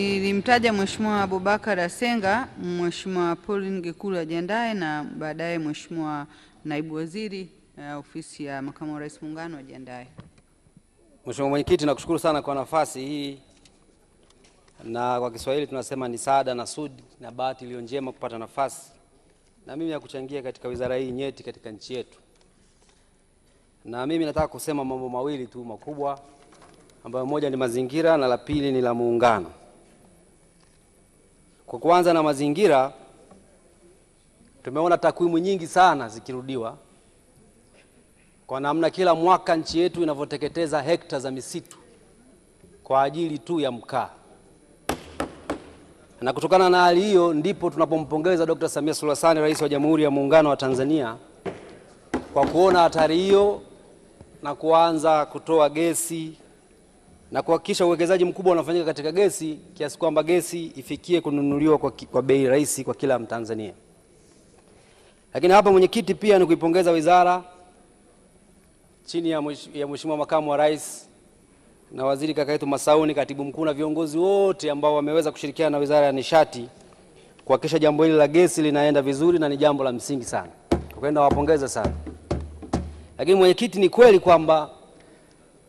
Nilimtaja Mheshimiwa Abubakar Asenga, Mheshimiwa Pauline Gekulu ajiandae, na baadaye Mheshimiwa Naibu Waziri uh, Ofisi ya Makamu wa Rais Muungano ajiandae. Mheshimiwa Mwenyekiti, nakushukuru sana kwa nafasi hii, na kwa Kiswahili tunasema ni saada na sudi na bahati iliyo njema kupata nafasi na mimi ya kuchangia katika wizara hii nyeti katika nchi yetu, na mimi nataka kusema mambo mawili tu makubwa ambayo moja ni mazingira na la pili ni la Muungano. Kwa kuanza na mazingira, tumeona takwimu nyingi sana zikirudiwa kwa namna kila mwaka nchi yetu inavyoteketeza hekta za misitu kwa ajili tu ya mkaa. Na kutokana na hali hiyo ndipo tunapompongeza Dkt. Samia Suluhu Hassan, Rais wa Jamhuri ya Muungano wa Tanzania, kwa kuona hatari hiyo na kuanza kutoa gesi na kuhakikisha uwekezaji mkubwa unafanyika katika gesi kiasi kwamba gesi ifikie kununuliwa kwa, kwa bei rahisi kwa kila Mtanzania. Lakini hapa mwenyekiti, pia ni kuipongeza wizara chini ya Mheshimiwa Makamu wa Rais na Waziri kaka yetu Masauni, katibu mkuu na viongozi wote ambao wameweza kushirikiana na Wizara ya Nishati kuhakikisha jambo hili la gesi linaenda vizuri na ni jambo la msingi sana. Kwa wapongeza sana. Lakini mwenyekiti, ni kweli kwamba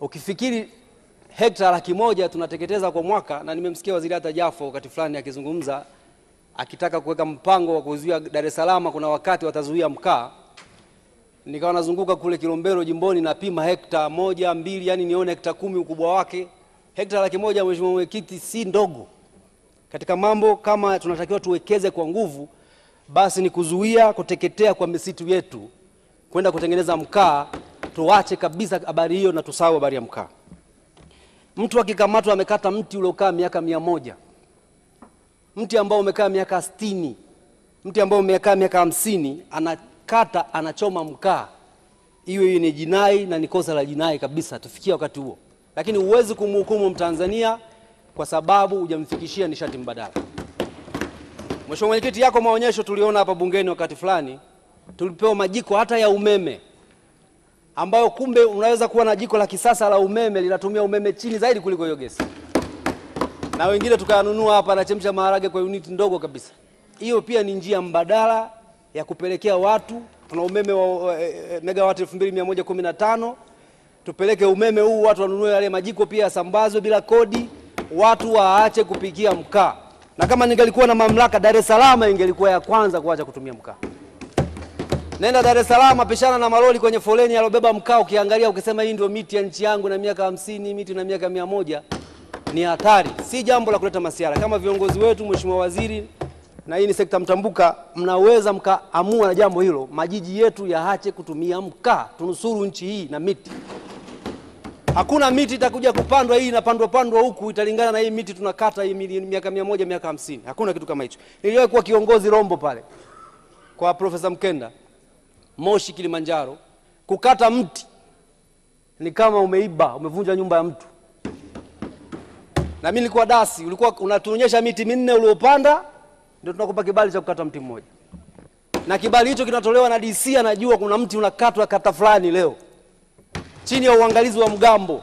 ukifikiri hekta laki moja tunateketeza kwa mwaka, na nimemsikia waziri hata Jafo wakati fulani akizungumza akitaka kuweka mpango wa kuzuia Dar es Salaam, kuna wakati watazuia mkaa. Nikawa nazunguka kule Kilombero jimboni napima hekta moja mbili, yani nione hekta kumi ukubwa wake. Hekta laki moja, mheshimiwa mwenyekiti, si ndogo. Katika mambo kama tunatakiwa tuwekeze kwa nguvu, basi ni kuzuia kuteketea kwa misitu yetu kwenda kutengeneza mkaa. Tuache kabisa habari hiyo na tusahau habari ya mkaa. Mtu akikamatwa amekata mti uliokaa miaka mia moja, mti ambao umekaa miaka sitini, mti ambao umekaa miaka hamsini, anakata anachoma mkaa. Hiyo hiyo ni jinai na ni kosa la jinai kabisa, tufikia wakati huo, lakini huwezi kumhukumu Mtanzania kwa sababu hujamfikishia nishati mbadala. Mheshimiwa Mwenyekiti, yako maonyesho tuliona hapa bungeni wakati fulani, tulipewa majiko hata ya umeme ambayo kumbe unaweza kuwa na jiko la kisasa la umeme linatumia umeme chini zaidi kuliko hiyo gesi, na wengine tukayanunua hapa, anachemsha maharage kwa unit ndogo kabisa. Hiyo pia ni njia mbadala ya kupelekea watu. Tuna umeme wa e, megawati 2115 tupeleke umeme huu, watu wanunue yale majiko pia yasambazwe bila kodi, watu waache kupikia mkaa. Na kama ningelikuwa na mamlaka, Dar es Salaam ingelikuwa ya kwanza kuacha kutumia mkaa. Nenda Dar es Salaam, pishana na maloli kwenye foleni alobeba mkaa, ukiangalia ukisema hii ndio miti ya nchi yangu na miaka hamsini miti na miaka mia moja ni hatari, si jambo la kuleta masiara. Kama viongozi wetu, Mheshimiwa Waziri, na hii ni sekta mtambuka, mnaweza mkaamua na jambo hilo, majiji yetu yaache kutumia mkaa, tunusuru nchi hii na miti. Hakuna miti itakuja kupandwa hii inapandwa pandwa huku, italingana na hii miti tunakata hii miaka mia moja miaka hamsini. Hakuna kitu kama hicho. Niliwahi kuwa kiongozi Rombo pale kwa Profesa Mkenda Moshi Kilimanjaro, kukata mti ni kama umeiba, umevunja nyumba ya mtu. Na mimi nilikuwa dasi, ulikuwa unatuonyesha miti minne uliopanda, ndio tunakupa kibali cha kukata mti mmoja, na kibali hicho kinatolewa na DC. Anajua kuna mti unakatwa kata fulani leo chini ya uangalizi wa mgambo,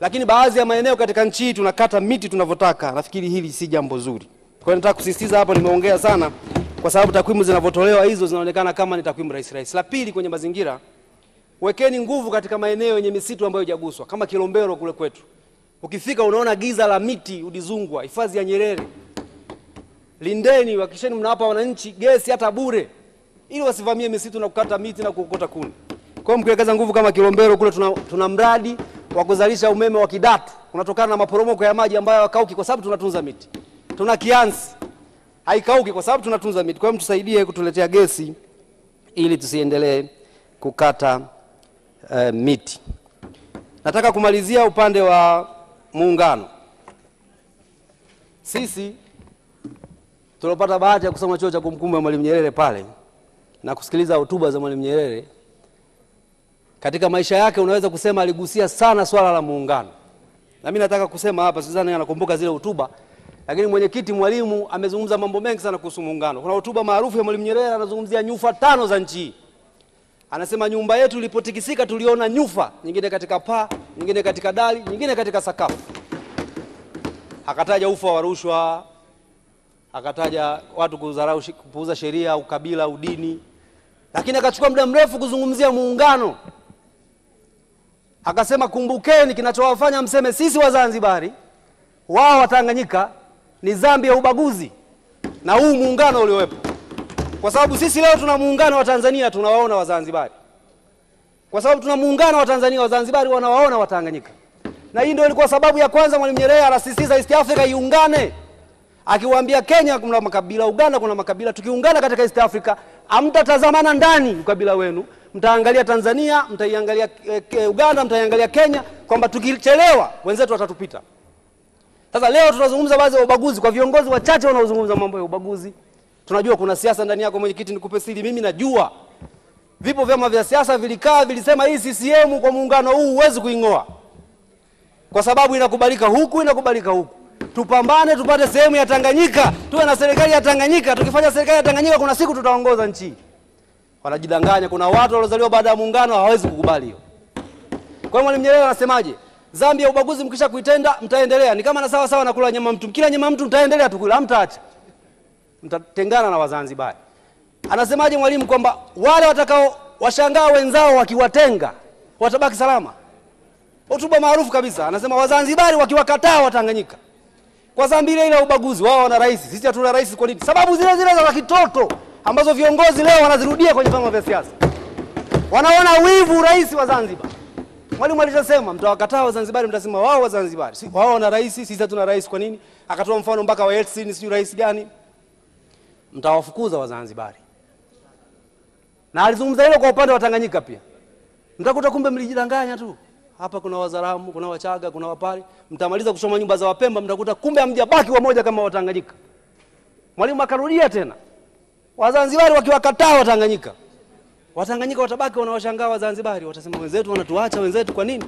lakini baadhi ya maeneo katika nchi hii tunakata miti tunavyotaka. Nafikiri hili si jambo zuri, kwa hiyo nataka kusisitiza hapo, nimeongea sana kwa sababu takwimu zinavyotolewa hizo zinaonekana kama ni takwimu rahisi rahisi. La pili, kwenye mazingira, wekeni nguvu katika maeneo yenye misitu ambayo haijaguswa kama Kilombero kule kwetu. Ukifika unaona giza la miti udizungwa, hifadhi ya Nyerere. Lindeni, hakikisheni mnawapa wananchi gesi hata bure, ili wasivamie misitu na kukata miti na kuokota kuni. Kwa hiyo mkiwekeza nguvu kama Kilombero kule, tuna, tuna mradi wa kuzalisha umeme wa Kidatu unatokana na maporomoko ya maji ambayo hayakauki kwa sababu tunatunza miti. Tuna Kiansi haikauki kwa sababu tunatunza miti. Kwa hiyo mtusaidie kutuletea gesi ili tusiendelee kukata uh, miti. Nataka kumalizia upande wa muungano. Sisi tulopata bahati ya kusoma chuo cha kumkumbu ya Mwalimu Nyerere pale na kusikiliza hotuba za Mwalimu Nyerere, katika maisha yake unaweza kusema aligusia sana swala la muungano, na mimi nataka kusema hapa, sidhani anakumbuka zile hotuba lakini mwenyekiti Mwalimu amezungumza mambo mengi sana kuhusu muungano. Kuna hotuba maarufu ya Mwalimu Nyerere, anazungumzia nyufa tano za nchi. Anasema nyumba yetu ilipotikisika, tuliona nyufa nyingine katika paa, nyingine katika dari, nyingine katika sakafu. Akataja ufa wa rushwa, akataja watu kudharau, kupuuza sheria, ukabila, udini, lakini akachukua muda mrefu kuzungumzia muungano. Akasema kumbukeni, kinachowafanya mseme sisi Wazanzibari, wao Watanganyika ni dhambi ya ubaguzi na huu muungano uliowepo, kwa sababu sisi leo tuna muungano wa Tanzania tunawaona Wazanzibari, kwa sababu tuna muungano wa Tanzania Wazanzibari wanawaona Watanganyika, na hii ndio ilikuwa sababu ya kwanza Mwalimu Nyerere anasisitiza East Africa iungane, akiwaambia Kenya kuna makabila, Uganda kuna makabila, tukiungana katika East Africa hamtatazamana ndani ukabila wenu, mtaangalia Tanzania, mtaiangalia eh, Uganda, mtaiangalia Kenya, kwamba tukichelewa wenzetu watatupita. Sasa leo tunazungumza baadhi ya ubaguzi kwa viongozi wachache wanaozungumza mambo ya ubaguzi. Tunajua kuna siasa ndani yako, mwenyekiti, nikupe siri, mimi najua vipo vyama vya siasa vilikaa vilisema, hii CCM kwa muungano huu huwezi kuing'oa, kwa sababu inakubalika huku, inakubalika huku, tupambane tupate sehemu ya Tanganyika, tuwe na serikali ya Tanganyika. Tukifanya serikali ya Tanganyika, kuna siku tutaongoza nchi. Wanajidanganya. Kuna watu waliozaliwa baada ya muungano hawawezi kukubali hiyo. Kwa hiyo Mwalimu Nyerere anasemaje? dhambi ya ubaguzi mkisha kuitenda mtaendelea, ni kama na sawa sawa na kula nyama mtu, kila nyama mtu mtaendelea tu kula, hamtaacha, mtatengana na Wazanzibari. Anasemaje mwalimu? Kwamba wale watakao washangaa wenzao wakiwatenga watabaki salama. Hotuba maarufu kabisa, anasema Wazanzibari wakiwakataa Watanganyika kwa dhambi ile ile ubaguzi, wao wana rais, sisi hatuna rais. Kwa nini? Sababu zile zile za kitoto ambazo viongozi leo wanazirudia kwenye vyama vya siasa, wanaona wivu rais wa Zanzibar Mwalimu alishasema mtawakataa Wazanzibari, mtasema wao Wazanzibari, si wao wana rais, sisi hatuna rais. Kwa nini? Akatoa mfano mpaka wa Yeltsin, sijui rais gani. Mtawafukuza Wazanzibari, na alizungumza hilo kwa upande wa Tanganyika pia. Mtakuta kumbe mlijidanganya tu, hapa kuna Wazaramu, kuna Wachaga, kuna Wapare. Mtamaliza kuchoma nyumba za Wapemba, mtakuta kumbe hamjabaki wamoja kama Watanganyika. Mwalimu akarudia tena, Wazanzibari wakiwakataa Watanganyika Watanganyika watabaki wanawashangaa Wazanzibari, watasema wenzetu wanatuacha, wenzetu kwa nini?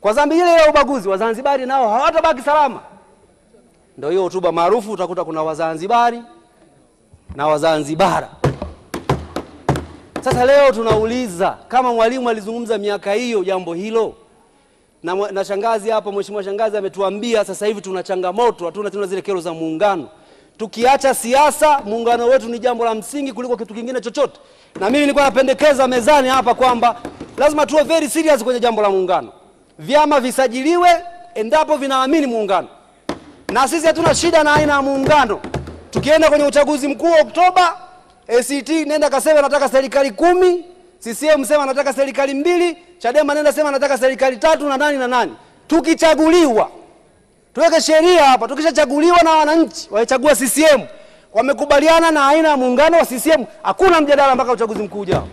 Kwa dhambi ile ya ubaguzi, Wazanzibari nao hawatabaki salama. Ndio hiyo hotuba maarufu, utakuta kuna Wazanzibari na Wazanzibara. Sasa leo tunauliza kama Mwalimu alizungumza miaka hiyo jambo hilo na, na shangazi hapa, mheshimiwa shangazi ametuambia sasa hivi tuna changamoto, hatuna tena zile kero za muungano tukiacha siasa, muungano wetu ni jambo la msingi kuliko kitu kingine chochote. Na mimi nilikuwa napendekeza mezani hapa kwamba lazima tuwe very serious kwenye jambo la muungano. Vyama visajiliwe endapo vinaamini muungano, na sisi hatuna shida na aina ya muungano. Tukienda kwenye uchaguzi mkuu Oktoba, ACT nenda kasema nataka serikali kumi, CCM sema nataka serikali mbili, Chadema nenda sema nataka serikali tatu na nani na nani, tukichaguliwa tuweke sheria hapa. Tukishachaguliwa na wananchi, waichagua CCM, wamekubaliana na aina ya muungano wa CCM, hakuna mjadala mpaka uchaguzi mkuu ujao.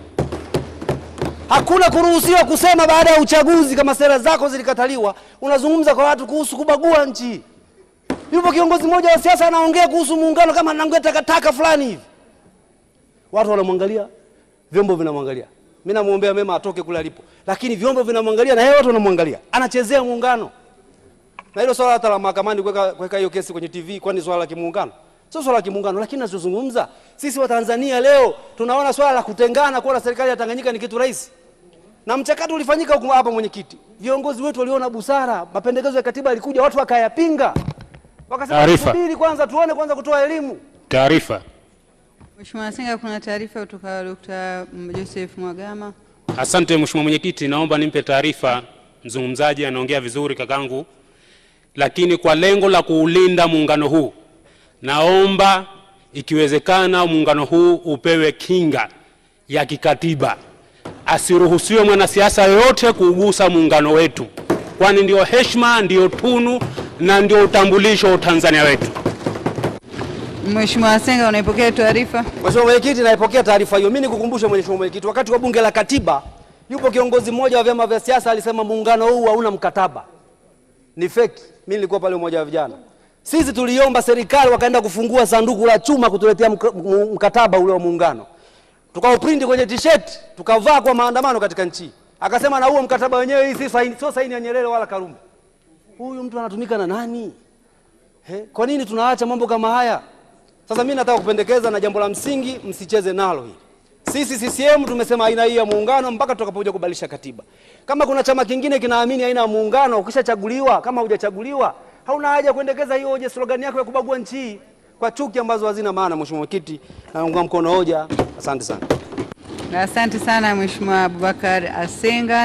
Hakuna kuruhusiwa kusema baada ya uchaguzi kama sera zako zilikataliwa. Unazungumza kwa watu kuhusu kubagua nchi. Yupo kiongozi mmoja wa siasa anaongea kuhusu muungano kama anaongea takataka fulani hivi, watu wanamwangalia, vyombo vinamwangalia. Mimi namuombea mema atoke kule alipo, lakini vyombo vinamwangalia na yeye, watu wanamwangalia, anachezea muungano na hilo swala hata la mahakamani kuweka kuweka hiyo kesi kwenye TV, kwani swala la kimuungano sio swala la kimuungano. Lakini nazozungumza sisi Watanzania leo tunaona swala la kutengana kuwa na serikali ya Tanganyika ni kitu rahisi, na mchakato ulifanyika huko hapa. Mwenyekiti, viongozi wetu waliona busara, mapendekezo ya katiba yalikuja, watu wakayapinga, wakasema tusubiri kwanza tuone kwanza kutoa elimu. Taarifa. Mheshimiwa Senga, kuna taarifa kutoka Dr. Joseph Mwagama. Asante Mheshimiwa Mwenyekiti, naomba nimpe taarifa mzungumzaji, anaongea vizuri kakangu lakini kwa lengo la kuulinda muungano huu, naomba ikiwezekana, muungano huu upewe kinga ya kikatiba. Asiruhusiwe mwanasiasa yoyote kuugusa muungano wetu, kwani ndio heshima, ndio tunu na ndio utambulisho wa Utanzania wetu. Mheshimiwa Asenga, unaipokea taarifa? Mheshimiwa Mwenyekiti, naipokea taarifa hiyo. Mimi nikukumbushe Mheshimiwa Mwenyekiti, wakati wa bunge la katiba yupo kiongozi mmoja wa vyama vya siasa alisema muungano huu hauna mkataba, ni feki mimi nilikuwa pale umoja wa vijana. Sisi tuliomba serikali, wakaenda kufungua sanduku la chuma kutuletea mkataba ule wa muungano, tukauprint kwenye t-shirt tukavaa kwa maandamano katika nchi. Akasema na huo mkataba wenyewe, hii si saini, sio saini ya Nyerere wala Karume. Huyu mtu anatumika na nani? He? Kwa nini tunaacha mambo kama haya? Sasa mimi nataka kupendekeza, na jambo la msingi msicheze nalo hili. Sisi CCM tumesema aina hii ya muungano mpaka tutakapokuja kubadilisha katiba. Kama kuna chama kingine kinaamini aina ya muungano, ukishachaguliwa, kama hujachaguliwa, hauna haja kuendekeza hiyo hoja, slogan yako ya kubagua nchi kwa chuki ambazo hazina maana. Mheshimiwa Mwenyekiti, naunga mkono hoja. Asante sana. Na asante sana Mheshimiwa Abubakar Asenga.